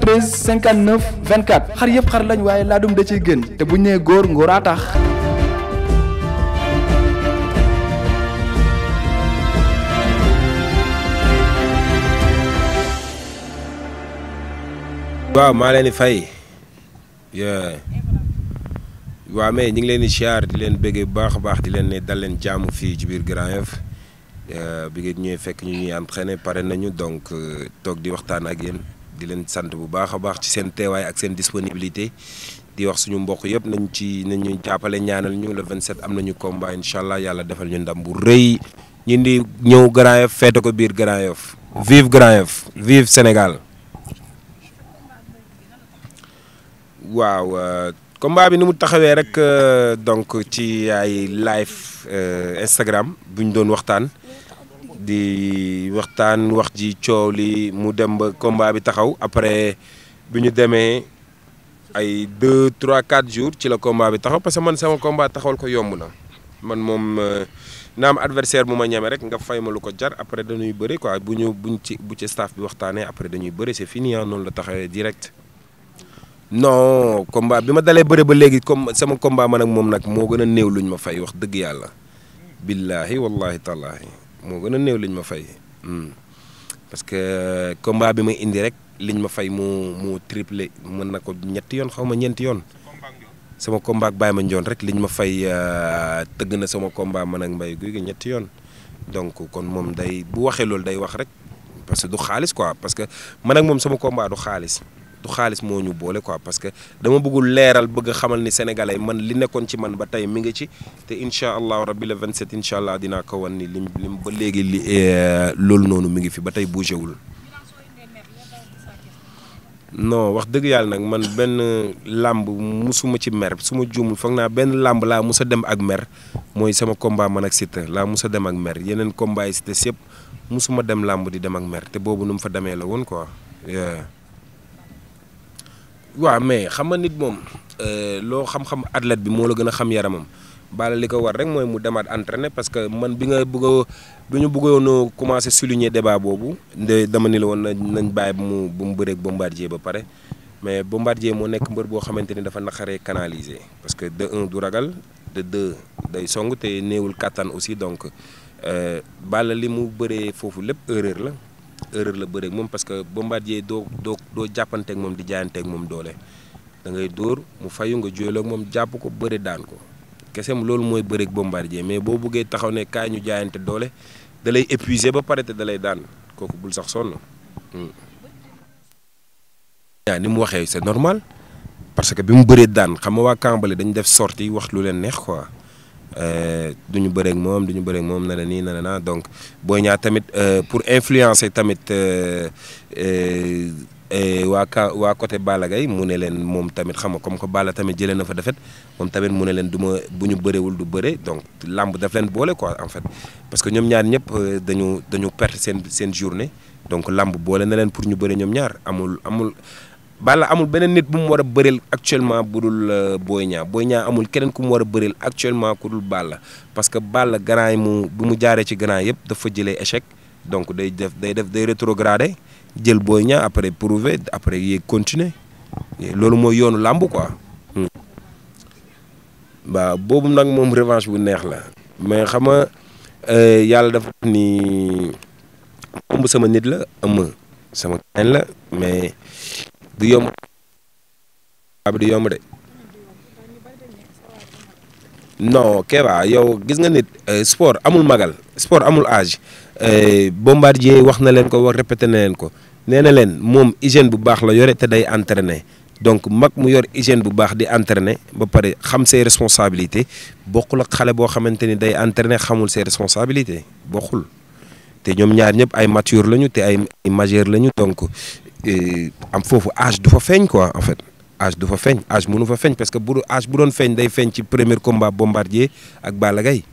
13 59 24 xar yëpp xar lañ waaye laadum da ciy gën te bu ñu nee góor ngóoraa tax. waaw maa leen di fay waa maye ñu ngi leen di siyaar di leen bëggee baax a baax di leen ne dal leen jàmm fii ci biir Grand Yoff bi ngeen ñëwee fekk ñu ñuy entraîné pare nañu donc euh, toog di waxtaan ak yéen. di leen sant bu baax a baax ci seen teewaay ak seen disponibilité di wax suñu mbokk yëpp nañ ci nañu jàppale ñaanal ñu la vingt 27 am nañu combat incha yàlla defal ñu ndam bu rëy ñu ndi ñëw Grand Yoff feete ko biir Grand Yoff vive Grand Yoff vive Sénégal. waaw euh, combat bi ni mu taxawee rek euh, donc ci ay live euh, Instagram bu ñu doon waxtaan. di waxtaan wax ji coow li mu dem ba combat bi taxaw après bi ñu demee ay deux trois quatre jours ci la combat bi taxaw parce que man sama combat taxawal ko yomb na man moom euh, naa am adversaire bu ma ñamee rek nga fay ma lu ko jar après dañuy bëri quoi bu ñu ci bu ci staff bi waxtaanee après dañuy bëri c'est fini ah noonu la taxawee direct. no combat bi ma dalee bëri ba léegi comme sama combat ma nag moom nag moo gën a néew luñ ma fay wax dëgg yàlla. billaahi wallaahi moo gën a néew liñ ma fay. Hmm. parce que euh, combat bi may indi rek liñ ma fay mu mu triplé mën na ko ñetti yoon xaw ma ñeenti yoon. sama combat ak Baye Mandione rek liñ ma fay euh, tëgg na sama combat mën ak mbay Gouy Gui ñetti yoon donc kon moom day bu waxee loolu day wax rek parce que du xaalis quoi parce que man ak moom sama combat du xaalis du xaalis moo ñu boole ko parce que dama bëggul leeral bëgg a xamal ni sénégalais man li nekkoon ci man ba tey mi ngi ci te incha allahu rabbi vingt 27 incha allah dinaa ko wan ni lim lim ba léegi li eh, loolu noonu mi ngi fi ba tey bougé wul. wax dëgg yàlla nag man benn làmb musuma ci mer suma ma juumul foog naa benn làmb laa musa dem ak mer mooy sama combat man ak Siteu laa mus a dem ak mer yeneen combat yi Siteu yëpp musuma dem làmb di dem ak mer te boobu nu mu fa demee la woon quoi. waaw mais xam nga nit moom euh, loo xam-xam athlète bi moo la gën a xam yaramam Balla li ko war rek mooy mu demaat entraîner parce que man bi nga bëgg a bi ñu bugg bëggoon commencé souligner débat boobu nde dama ni la woon na nañ bàyyi ba mu ba mu bëreeg bombardier ba pare mais bombardier moo nekk mbër boo xamante ni dafa naqaree canaliser parce que de un du ragal de deux day song te néewul kattan aussi donc euh, bala li mu bëree foofu lépp erreur la. erreur la bëreeg moom parce que Bombardier doo doo doo jàppanteeg moom di jaayanteeg moom doole da ngay dóor mu fayu nga jooyloo moom jàpp ko bëri daan ko kese loolu mooy bëreeg Bombardier mais boo buggee taxaw ne kaa ñu jaayante doole dalay lay ba pare te da daan kooku bul sax sonn. waaw hmm. ni mu waxee c'est normal parce que bi mu bëree daan xam nga waa Kambale dañu def sorti wax lu leen neex quoi. Euh, du ñu bëreeg moom du ñu bëreeg moom na la nii na naa donc Boy Niang tamit euh, pour influencer tamit euh, waa ka waa côté Balla Gaye mu ne leen moom tamit xam comme que bala tamit jëlee na fa defet moom tamit mu ne leen du ma bu ñu bëreewul du bëre donc làmb daf leen boole quoi en fait parce que ñoom ñaar ñëpp dañu dañu perte seen seen journée donc làmb boole na leen pour ñu bëre ñoom ñaar amul amul. Balla amul beneen nit bu mu war a bëreel actuellement bu dul euh, Boy Niang Boy Niang amul keneen ku mu war a bëreel actuellement ku dul la parce que Balla ganaay mu bu mu jaaree ci ganaay yëpp dafa jële échec donc day def day def day rétrogradé jël Boy Niang après prouver après yéeg continuer loolu mooy yoonu làmb quoi. waaw hmm. boobu nag moom revanche bu neex la mais xam nga euh, yàlla dafa ni ëmb sama nit la ëmb sama kañ la mais. du yomb abi du de no Kéba yow gis nga nit euh, sport amul magal sport amul âge euh, Bombardier wax na leen ko wax répété na leen ko nee na leen moom hygiène bu baax la yore te day entraîné donc mag mu yor hygiène bu baax di entraîné ba pare xam ses responsabilité bokkul ak xale boo xamante ni day entraîné xamul ses responsabilités bokkul te ñoom ñaar ñëpp ay mature lañu te ay majeur lañu donc am foofu âge du fa feeñ quoi en fait âge du fa feeñ âge mënu fa feeñ parce que bu âge bu doon feeñ day feeñ ci premier combat bombardier ak balagay Gaye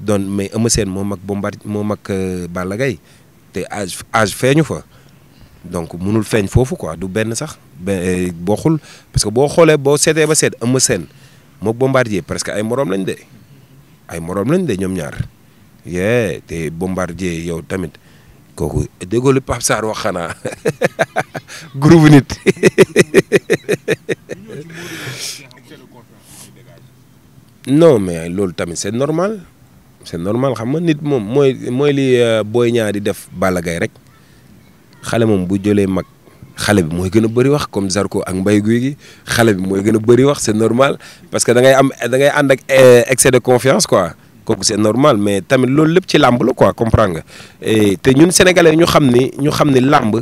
doon mais Eumeu Sène moom ak bombardier moom ak euh, balagay te âge feeñu fa donc munul feeñ foofu quoi du benn sax euh, boo xul parce que boo xoolee boo seetee ba seet Eumeu Sène mook bombardier parce que ay moroom lañu de ay moroom lañ de ñoom ñaar yee te bombardier yow tamit kooku déggoo li Pape Sarr wax xanaa groupe nit. non mais loolu tamit c'est normal c'est normal xam nga nit moom mooy mooy li euh, booy ñaar def Balla Gaye rek xale moom bu jëlee mag xale bi mooy gën a bëri wax comme Zarko ak Mbaye Guy gi xale bi mooy gën a bëri wax c'est normal parce que da ngay am da ngay ànd ak euh, de confiance quoi. kooku c'est normal mais tamit loolu lépp ci làmb la quoi comprendre nga te ñun sénégalais ñu xam ni ñu xam ni làmb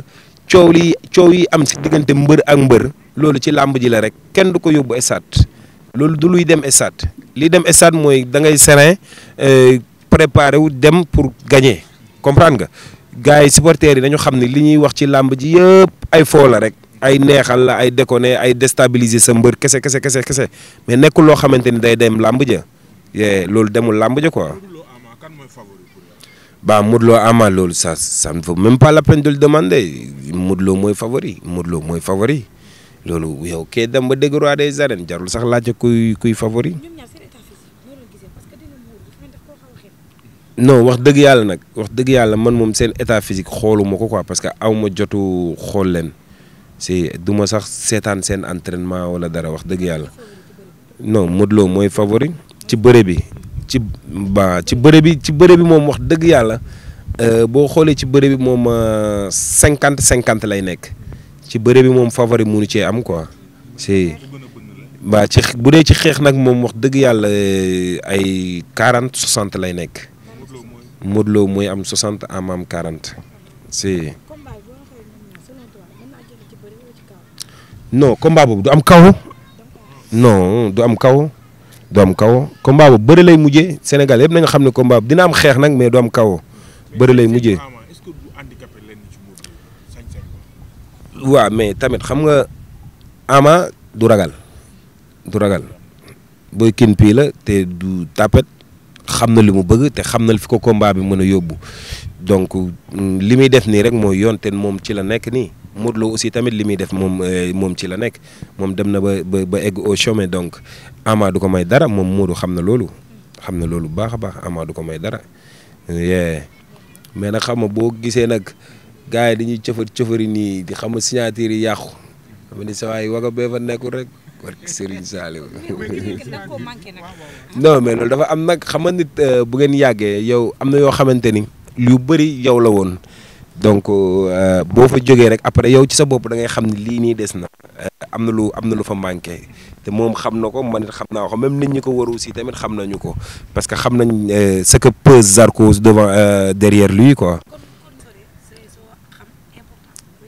coow li coow yi am si diggante mbër ak mbër loolu ci làmb ji la rek kenn du ko yóbbu estade loolu du luy dem estade li dem estade mooy da ngay serein euh, préparé wu dem pour gagner comprendre nga gars yi supporters yi dañu xam ne li ñuy wax ci làmb ji yëpp ay foo la rek ay neexal la ay déconner ay déstabiliser sa mbër kese kese kese kese mais nekkul loo xamante ni day dem làmb ja loolu demul làmb ja quoi. ba Modou Lo Ama loolu ça ça ne vaut même pas la peine de le demander mooy favori Modou mooy favori loolu yow kee dem ba dégg roi des arènes jarul sax laaj kuy kuy favori. non wax dëgg yàlla nag wax dëgg yàlla man moom seen état physique xooluma ko quoi parce que aw ma jotu xool leen si duma sax seetaan seen entraînement wala dara wax dëgg yàlla no Modou mooy favori. ci bëre bi ci bërëbi ci bëre bi moom wax dëgg yàlla euh, boo xoolee ci bëre bi moom euh, cinquante cinquante lay nekk ci bëre bi moom favori munu cee am quoi si waa ci bu dee ci xeex nag moom wax dëgg yàlla euh, ay quarante soixante lay nekk Modou Lo mooy am soixante Ama am quarante si non combat boobu du am kaw no du am kaw doom kaw combat bu bari lay mujjee Sénégal yëpp nañu xam ne combat dina am xeex nag mais doom kaw bari lay mujjee. waaw mais tamit xam nga ama du ragal du ragal booy kin pii la te du tapet xam na li mu bëgg te xam na fi ko combat bi mën a yóbbu donc mm, li muy def nii rek mooy yoon te moom ci la nekk nii. Modou Lo aussi tamit li muy def moom euh, moom ci la nekk moom dem na ba ba egg au donc Ama du ko may dara moom Modou xam na loolu. xam na loolu bu baax a baax Ama du ko may dara. mais nag xam nga boo gisee nag gars yi dañuy cëfar cëfari nii xam nga signature yi yàqu xam ni saa waay waga bee fa nekkul rek. war Serigne Saliou non mais loolu dafa am nag xam nga nit euh, bu ngeen yàggee yow am na yoo xamante ni. lu bëri yow la woon. donc euh, boo fa jógee rek après yow ci sa bopp da ngay xam ne lii nii des na. Euh, am na lu am na lu fa manqué te moom xam na ko man it xam naa ko même nit ñi ko war aussi tamit xam nañu ko parce que xam nañ euh, ce que pèse Zarco devant derrière lui quoi.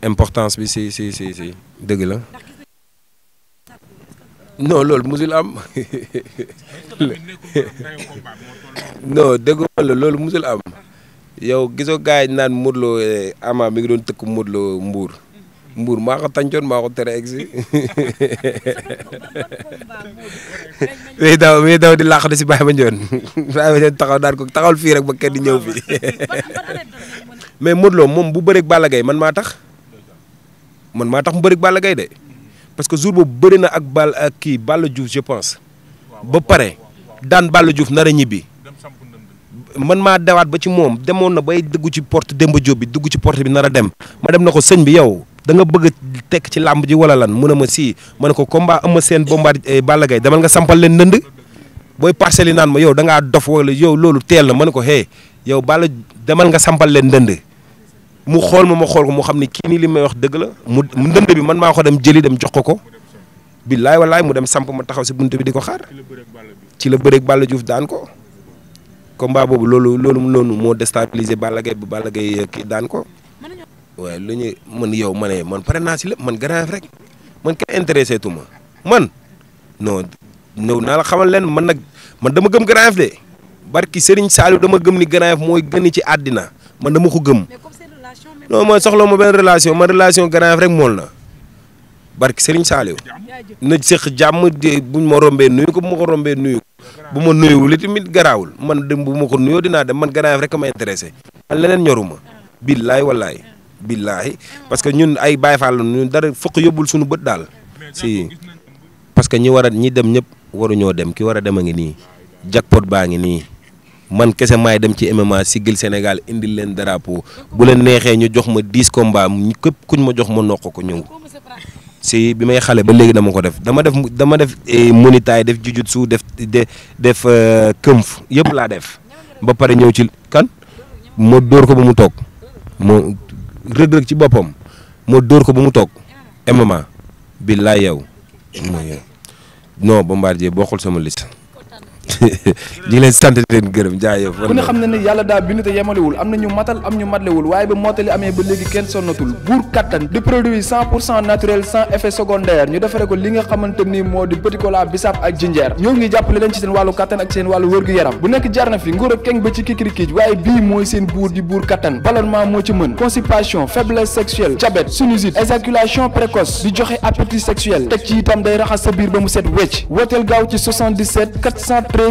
importance bi si si si dëgg la. non loolu musul am non dëgg la loolu musul am. yow gisoo gars yi naan Modou Lo eh, Ama mi ngi doon tëkk Modou Lo Mbour. Mbour maa ko tàncoon mi ko tere si. muy daw muy daw di laaxatu si Baye Mandione Baye Mandione taxaw daan ko taxawal fii rek ba kenn di ñëw mais Modou Lo moom bu bëreeg Balla man maa tax man maa tax mu bëreeg Balla Gaye de parce que jour boobu bëri na ak Balla ak kii Balla Diouf je pense. ba pare daan Balla Diouf nar a ñibbi. man maa dawaat ba ci moom demoon na bay dugg ci porte Demba Diop bi dugg ci porte bi nar a dem ma dem na ko sëñ bi yow danga bëgg tekk ci làmb ji wala lan mu ne ma sii ma ne ko combat Eumeu Sène Bombardier eh, Balla Gaye demal nga sampal leen ndënd booy parcelles yi naan ma yow da dof wala yow loolu teel na ma ne ko hey yow Balla demal nga sampal leen ndënd mu xool ma ma xool ko mu xam ne kii nii li may wax dëgg la mu ndënd bi man maa ko dem jëli dem jox ko ko billaay walaay mu dem samp ma taxaw si bunt bi di ko xaar ci la bëreeg Balla Diouf daan ko. combat boobu loolu loolu noonu moo déstabiliser Balla Gaye bu Balla Gaye daan ko waaye lu ñu man yow ma man pare naa si lépp man garaaf rek man kenn intéressé tu man non naa la xamal leen man nag man dama gëm garaaf de barki Serigne Saliou dama gëm ni garaaf mooy gën ci àddina man dama ko gëm non man soxla ma benn relation man relation garaaf rek mool na barki Serigne Saliou na seq jàmm buñ ma rombee nuyu ko bu ma ko rombee nuyu bu ma nuyuwul itamit garaawul man dem ma ko nuyoo dinaa dem man garaaf rek ma intéressé man leneen ñoruma billaay wallaay billaay parce que ñun ay Baay Faal la ñun dara fokk yóbbul suñu bët daal si parce que ñi war a ñi dem ñëpp waruñoo dem ki war a dem a ngi nii jackpot baa ngi nii man kese maay dem ci MMA siggil Sénégal indil leen drapeau bu leen neexee ñu jox ma diis ko mbaam képp kuñ ma jox ma noq ko ñëw si bi may xale ba léegi dama ko def dama def dama def eh, Muay Thai def jujutsu def def eh, këmf yëpp laa def ba pare ñëw ci kan moo dóor ko ba mu toog moo rëg-rëg ci boppam moo dóor ko ba mu toog MMA billaay yow non Bombardier bokkul sama liste di leen sant na fi nguur ak keng ba ci kikirikiij waaye bii mooy seen buur di buur kattan ballonnement moo ci mën constipation faiblesse sexuelle diabète sinusite éjaculation précoce di joxe appétit sexuel teg ci itam day raxas sa biir ba mu set wecc wooteel gaaw ci 77 413